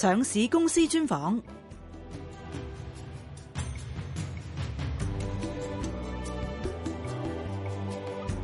上市公司專訪。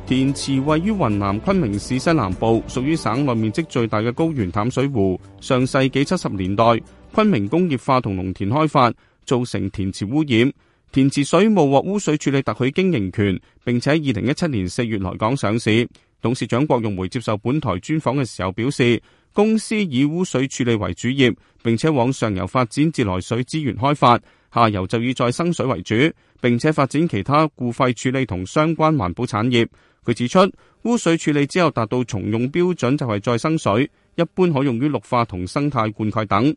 滇池位於雲南昆明市西南部，屬於省內面積最大嘅高原淡水湖。上世紀七十年代，昆明工業化同農田開發造成滇池污染。滇池水務獲污，污水處理特許經營權，並且二零一七年四月來港上市。董事長郭玉梅接受本台專訪嘅時候表示。公司以污水處理為主業，並且往上游發展自來水資源開發，下游就以再生水為主，並且發展其他固廢處理同相關環保產業。佢指出，污水處理之後達到重用標準就係再生水，一般可用於綠化同生態灌溉等。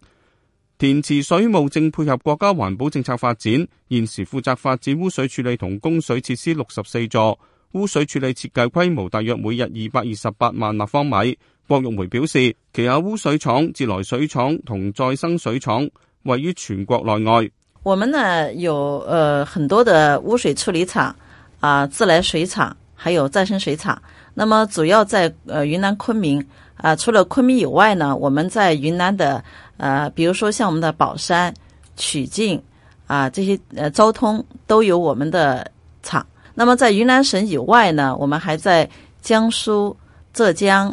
滇池水務正配合國家環保政策發展，現時負責發展污水處理同供水設施六十四座，污水處理設計規模大約每日二百二十八萬立方米。郭玉梅表示，旗下污水廠、自來水廠同再生水廠位於全國內外。我們呢有呃很多的污水處理廠啊、呃、自來水廠，還有再生水廠。那麼主要在呃雲南昆明啊、呃，除了昆明以外呢，我們在雲南的呃，比如說像我們的保山、曲靖啊、呃、這些呃昭通都有我們的廠。那麼在雲南省以外呢，我們還在江蘇、浙江。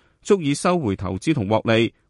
足以收回投資同獲利。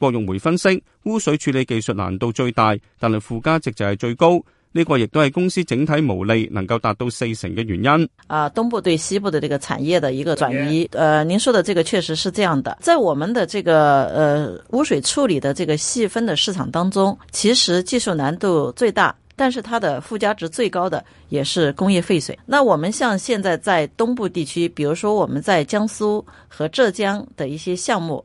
郭玉梅分析，污水處理技術難度最大，但係附加值就係最高，呢個亦都係公司整體毛利能夠達到四成嘅原因。啊，東部對西部的這個產業的一個轉移，呃，您說的這個確實是這樣的。在我們的這個呃污水處理的這個細分的市場當中，其實技術難度最大，但是它的附加值最高的也是工業廢水。那我們像現在在東部地區，比如說我們在江蘇和浙江的一些項目。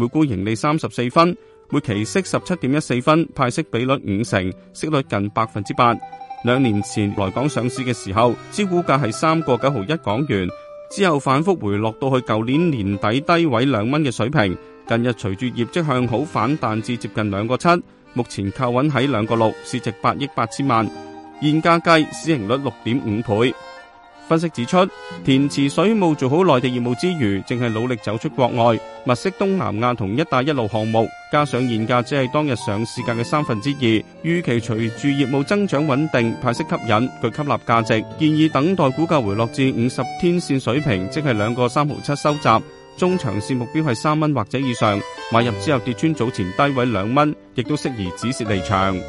每股盈利三十四分，每期息十七點一四分，派息比率五成，息率近百分之八。兩年前來港上市嘅時候，招股價係三個九毫一港元，之後反覆回落到去舊年年底低位兩蚊嘅水平。近日隨住業績向好反彈至接近兩個七，目前靠穩喺兩個六，市值八億八千萬，現價計市盈率六點五倍。分析指出，滇池水務做好內地業務之餘，淨係努力走出國外，物色東南亞同一帶一路項目。加上現價只係當日上市價嘅三分之二，預期隨住業務增長穩定，派息吸引具吸納價值。建議等待股價回落至五十天線水平，即係兩個三毫七收集。中長線目標係三蚊或者以上。買入之後跌穿早前低位兩蚊，亦都適宜止蝕離場。